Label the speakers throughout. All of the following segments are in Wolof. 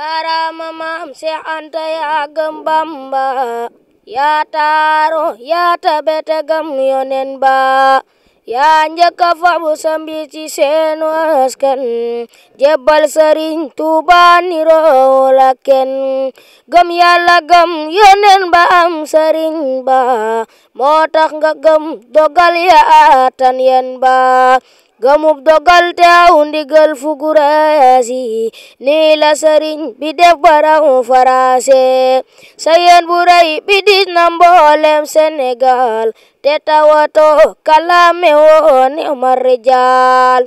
Speaker 1: karaama maam Seex Anta yaa gëm Bamba yaa taaro yaa tabe te gëm yonen ba yaa njëkk a fabu sambi ci seenu askan jébbal Sëriñ Tuuba niroo gëm yàlla gëm yonen ba am sëriñ ba moo tax gëm dogal ya atan yen ba gamub dogal te aw ndigal fu guraasi nii la sëriñ bi faraase sayeen bu rëy bi dis na mboolem Sénégal te tawato marjaal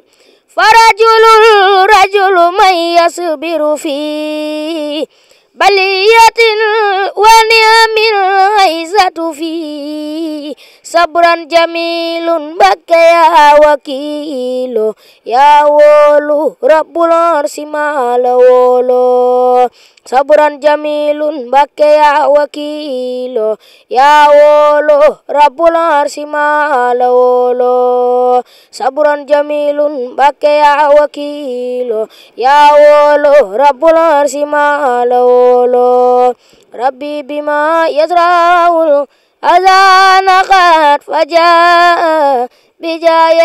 Speaker 1: farajulul rajulu may yasbiru fii bali sabran jamilun Mbakke yaa wakiilo yaa woolu rabbul arsi maa la wooloo sabran jamilun Mbakke yaa wakiilo yaa woolu rabbul arsi maa la wooloo sabran jamilun yaa wakiilo أذان قد فجاء بجاي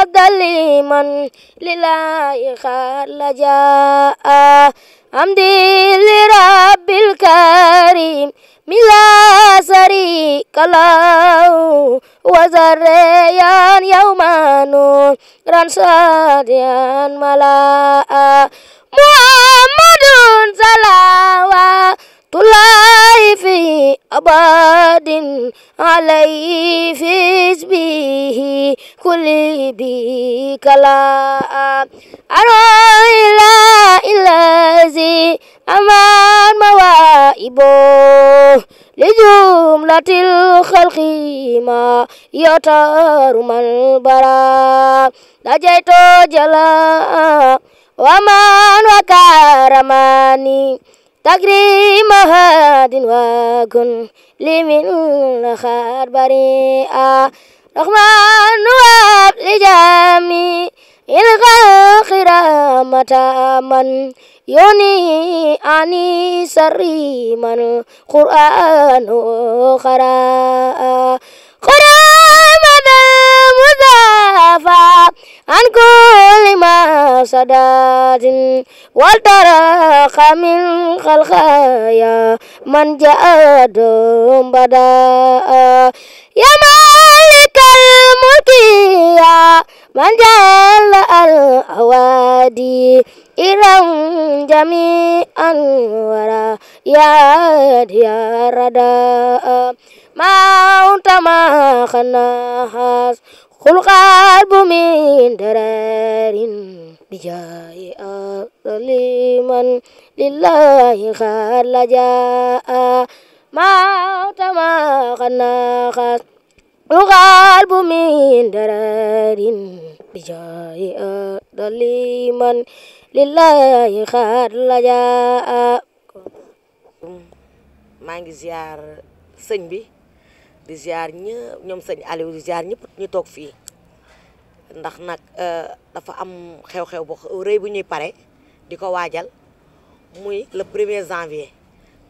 Speaker 1: أبدل من لله خار لجاء حمدي لرب الكريم لا شريك له وزريا يوم نورا صاديا ملاء محمد صلوات طلعي في أباد علي في حزبه كل بك لا أرى إلى الذي أمان موائبه لجملة الخلق ما يطار من برا نجيت جلا ومن وكرماني تكريمها دين وكن لي من الخير بريئا رحمن واب لجميع الخلق رحمة من يوني أني سري من قرآن قراء قرامة مزافا عن كل ما صدات والترخ من خلقايا من جاء بداء يا مالي كالمكيا من جعل الأوادي إلهم جميعا ورا يا ديار رداء ما أنت ما خناهاس خلق قلب من درار بجاي أظليما لله خال جاء ما أنت ما خناهاس الغالب من درار بجاه أضل من لله خار لجاء
Speaker 2: maa ngi ziar sëñ bi di ziar ñëpp ñoom sëñ Aliou ñëpp ñu toog fii ndax nag e, dafa am xew-xew bu rëy bu ñuy pare di ko waajal muy le premier janvier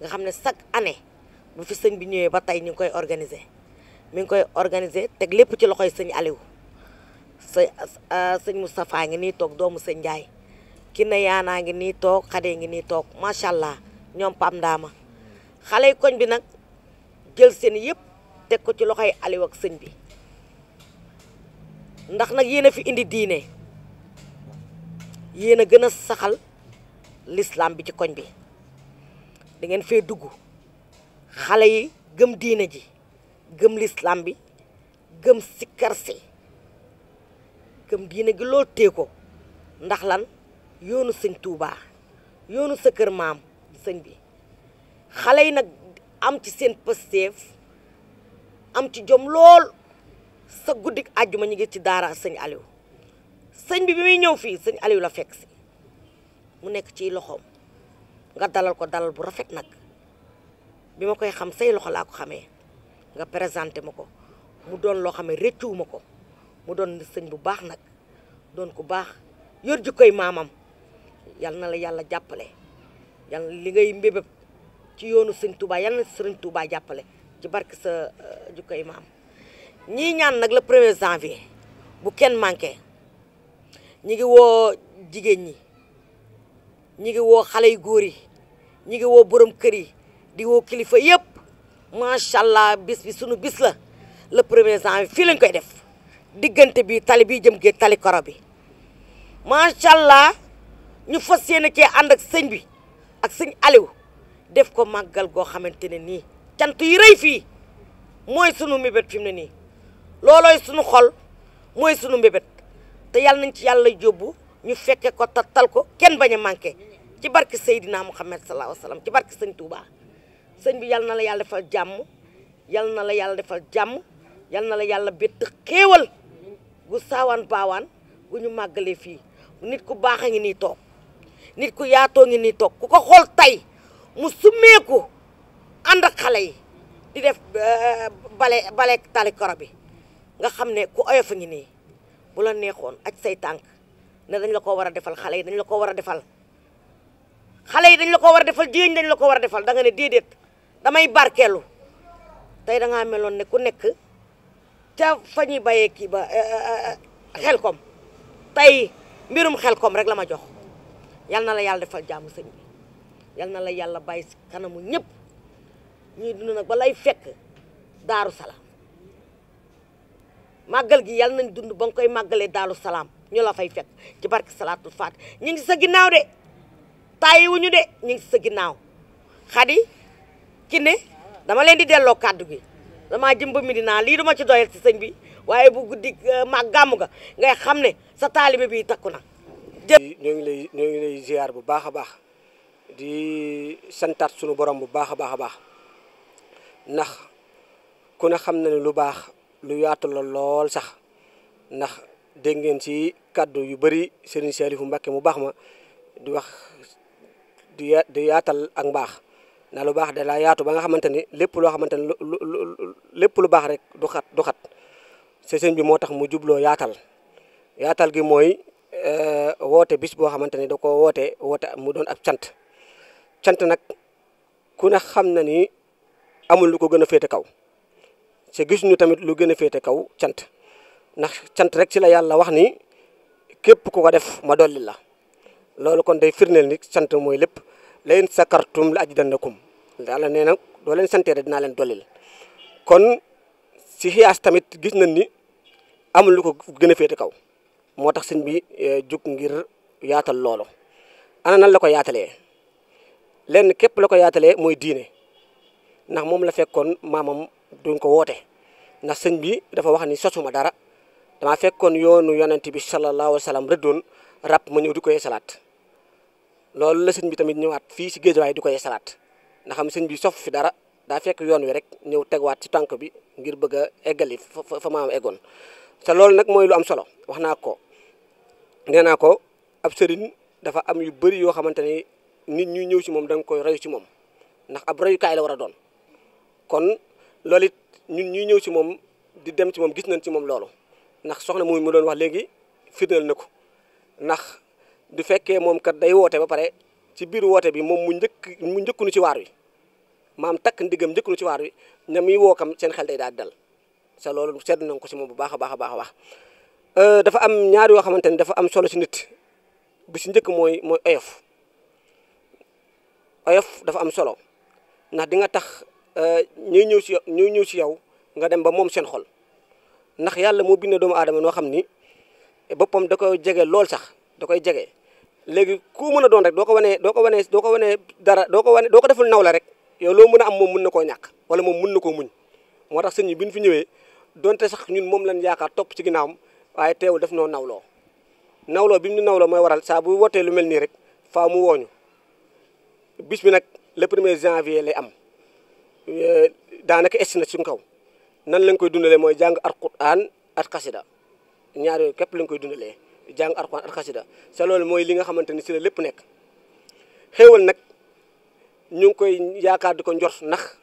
Speaker 2: nga xam ne chaque année bu fi sëñ bi ñëwee ba tey ñu ngi koy organiser mi ngi koy organiser teg lépp ci loxo yi sëñ Aliou sëñ ah, sëñ Moustapha ngi nii toog doomu sëñ Ndiaye ki ne yaanaa ngi nii toog xadee ngi nii toog macha allah ñoom Pam daama xale yi koñ bi nag jël seen yëpp teg ko ci loxoy Aliou ak sëñ bi ndax nag yéen a fi indi diine yéen a gën a saxal l'islam bi ci koñ bi dangeen ngeen fee dugg xale yi gëm diine ji. gëm lislam bi gëm sikkar si gëm diine gi loolu tee ko ndax lan yoonu sëñ Touba yoonu sa kër maam sëñ bi xale yi nag am ci seen pësteef am ci jom lool sa guddik àjjuma ñu ngi ci daara sëñ Aliou sëñ bi bi muy ñëw fii sëñ Aliou la fekk si mu nekk ci loxoom nga dalal ko dalal bu rafet nag bi ma koy xam say loxo laa ko xamee nga présenté ma ko mu doon loo xam ne réccuwuma ko mu doon sëñ bu baax nag doon ku baax yor jikkoy maamam yal na la yàlla jàppale yal li ngay mbébéb ci yoonu sëñ Touba yal na sëriñ Touba jàppale ci barke sa euh, jikkoy maam ñii ñaan nag la premier janvier bu kenn manqué ñi ngi woo jigéen ñi ñi ngi woo xale yu góor yi ñi ngi woo borom kër yi di woo kilifa yëpp macha allah bis bi sunu bis la le premier janvier fii lañ koy def diggante bi tali bi jëm géej tali koro bi macha allah ñu fas yéene cee ànd ak sëñ bi ak sëñ Aliou def ko màggal goo xamante ne nii cant yi rëy fii mooy sunu mbébét fi mu ne nii loolooy sunu xol mooy sunu mbébét te yàlla nañ ci yàlla yóbbu ñu fekke ko tatal ko kenn bañ a manqué ci barke Seydina Muhammad sallallahu alayhi wa sallam ci barke sëñ sëñ bi yal na la yàlla defal jàmm yal na la yàlla defal jàmm yal na la yàlla bett xéewal gu saawaan baawaan gu ñu màggalee fii nit ku baax a ngi nii toog nit ku yaatoo ngi nii toog ku ko xool tey mu summeeku ànd xale yi di def eh, bale bale tali bi nga xam ne ku oyof a ngi nii bu la neexoon ak say tànk ne dañ la ko war a defal xale yi dañ la ko war a defal xale yi dañ la ko war a defal jigéen dañ la ko war defal da ne déedéet damay barkeelu tey danga meloon ne ku nekk ca fa ñuy bayee kii ba eh, eh, eh, xelkom tey mbirum xelkom rek la ma jox yal na la yàlla defal jaamu sëñ yal na la yàlla bàyyi si kanamu ñépp ñuy dund nag ba lay fekk daaru salaam màggal gi yal nañ dund ba nga koy màggalee daaru salaam ñu la fay fekk ci barke salaatul faat ñu ngi sa ginnaaw de ñu de ñu ngi sa ginnaaw xadi Kiné dama leen di delloo kàddu gi dama jëmba Medina lii duma ci doyal ci sëñ bi waaye bu guddi euh, mag gàmm ga ngay xam ne
Speaker 3: sa taalibe bi takku na ñoo ngi ñoo ngi lay ziar bu baax a baax di santaat sunu borom bu baax a baax a baax ndax ku ne xam na ne lu baax lu yaatu la lool sax ndax dégg ngeen ci kàddu yu bëri Serigne Saliou Mbacké mu baax ma di wax di yaatal ak baax ndax lu baax da laa yaatu ba nga xamante ni lépp loo xamante ni lu lu baax rek du xat du xat bi moo tax mu jubloo yaatal yaatal gi mooy euh, woote bis boo xamante ni da ko woote woote mu doon ab cant cant nag ku ne xam na ni amul lu ko gën a féete kaw te gis ñu tamit lu gën a féete kaw cant ndax cant rek ci la yàlla wax ni képp ku ko def ma dolli la loolu kon day firndeel ni cant mooy lépp la in sakartum la ajidannakum yàlla nee na doo leen santee rek dinaa leen dollil kon si xiyaas tamit gis nañ ni amul lu ko gën a féete kaw moo tax sëñ bi e, jug ngir yaatal loolu ana nan la ko yaatalee lenn képp la ko yaatalee mooy diine ndax moom la fekkoon maamam duñ ko woote ndax sëñ bi dafa wax ni sosuma dara dama fekkoon yoonu yonent bi ti alayhi wa sallam rëddoon rab ma ñëw di koy salaat loolu la sëñ bi tamit ñëwaat fii si géejawaay di ko yeesalaat ndax xam sëñ bi sof fi dara daa fekk yoon wi rek ñëw tegwaat ci tànk bi ngir bëgg a eggali fa fa maam eggoon te loolu nag mooy lu am solo wax naa ko nee naa ko ab sëriñ dafa am yu bëri yoo xamante ni nit ñuy ñëw si moom danga koy rayu ci moom ndax ab rayukaay la war a doon kon loolu it ñun ñuy ñëw ci moom di dem ci moom gis nañ ci moom loolu ndax soxna moom mu doon wax léegi firndeel na ko ndax du fekkee moom kat day woote ba pare ci biir woote bi moom mu njëkk mu njëkkunu ci waar wi maam takk ndigam njëkkunu si waar wi ña muy woo kam seen xel day daal dal sa loolu seetlu nañ ko si moom bu baax a baax baax a euh, dafa am ñaar yoo xamante ne dafa am solo si nit bi si njëkk mooy mooy oyof oyof dafa am solo ndax di nga tax euh, ñuy ñëw si ñuy ñëw si yow nga dem ba moom seen xol ndax yàlla moo bind doomu aadama noo xam ni boppam da koy jege lool sax da koy jege léegi ku mën a doon rek doo ko wanee doo ko wanee doo ko wanee dara doo ko wanee doo ko deful naw rek yow loo mën am moom mën na koo ñàkk wala moom mun na koo muñ moo tax sëñ bi biñ fi ñëwee donte sax ñun moom lañ yaakaar topp ci ginnaawam waaye teewul def noo nawloo nawloo bi mu ñu nawloo mooy waral saa wotee lu mel nii rek faa mu wooñu bis bi nag le premier janvier lay am daanaka essi na ci kaw nan lañ koy dundalee mooy jàng alxuraan ak xasida ñaar yooyu képp lañ koy dundalee jàng Alxuraan ak sa loolu mooy li nga xamante ni si la lépp nekk xéewal nag ñu ngi koy yaakaar di ko njort nax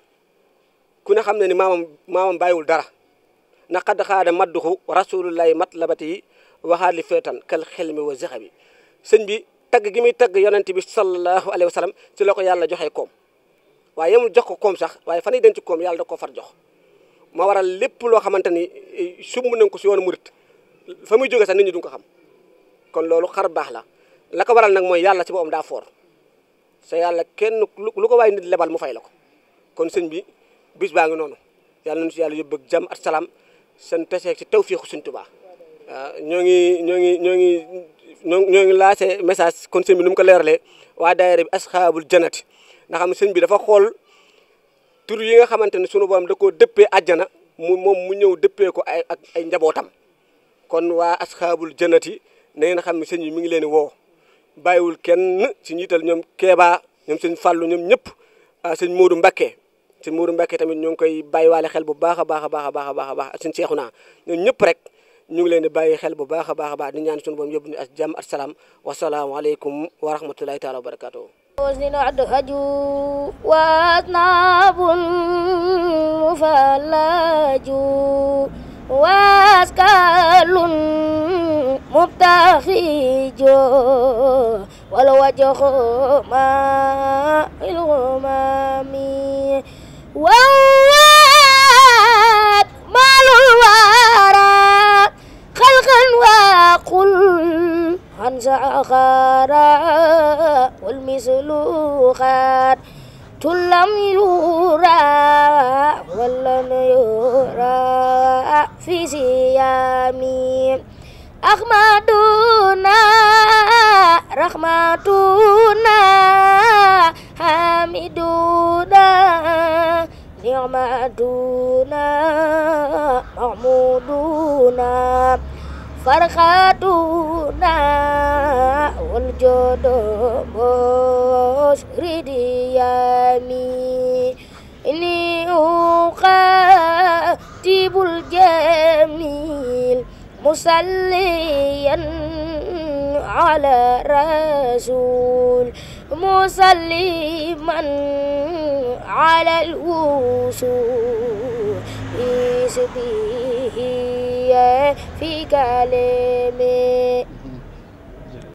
Speaker 3: ku ne xam ne ni maamam maamam bàyyiwul dara ndax xadd xaada madduxu rasulullahi matlabati yi li feetan kal xel mi wa zexa bi sëñ bi tagg gi muy tagg yonente bi sallallahu alayhi wa sallam ci la ko yàlla joxee koom waaye yemul jox ko koom sax waaye fan yi denc koom yàlla da ko far jox ma waral lépp loo xamante ni eh, sumb nañ ko si yoonu murit fa muy jógee sax nit ñi duñ ko kon loolu xar baax la la waral nag mooy yàlla ci boppam daa foor sa yàlla kenn lu ko waay nit lebal mu fay la ko kon sañ bi bis baa ngi noonu yàlla nañu si yàlla yóbbu ak jàmm ak salaam seen teseeg ci tawfeexu sëñ Tuubaa ñoo ngi ñoo ngi ñoo ngi ñoo ñoo ngi laacé message kon bi nu mu ko leeralee waa daayira bi asxaabul janati nga xam ne sëñ bi dafa xool tur yi nga xamante ne sunu borom da koo dëppee àjjana mu moom mu ñëw dëppee ko ay ak ay njabootam kon waa asxaabul janati na ngeen xam ne sëñ bi mi ngi leen di woo bàyyiwul kenn si njiital ñoom Kéba ñoom sëñ Fallou ñoom ñëpp ah, sëñ Modou Mbacké sëñ Modou Mbacké tamit ñoo ngi koy bàyyiwaale xel bu baax a baax a baax a baax a baax a baax ak sëñ Cheikhouna ñoom ñëpp rek ñu ngi leen di bàyyi xel bu baax a baax a baax di ñaan suñu ak jàmm ak wasalaamaaleykum wa rahmatulahi taala wa barakatuhu
Speaker 1: وزن العد هجو واسكال مبتخج والوجه ماء الغمام وهو أكمل الورى خلقا وقل عن سخرا والمثل خات لم يرى في صيامي أخمدنا رحمتنا حامدنا نعمتنا محمودنا فرحتنا والجود بشر ديامي إني أخاطب الجنة مصليا على رسول مسلما على الوصول إسبيه في كلمه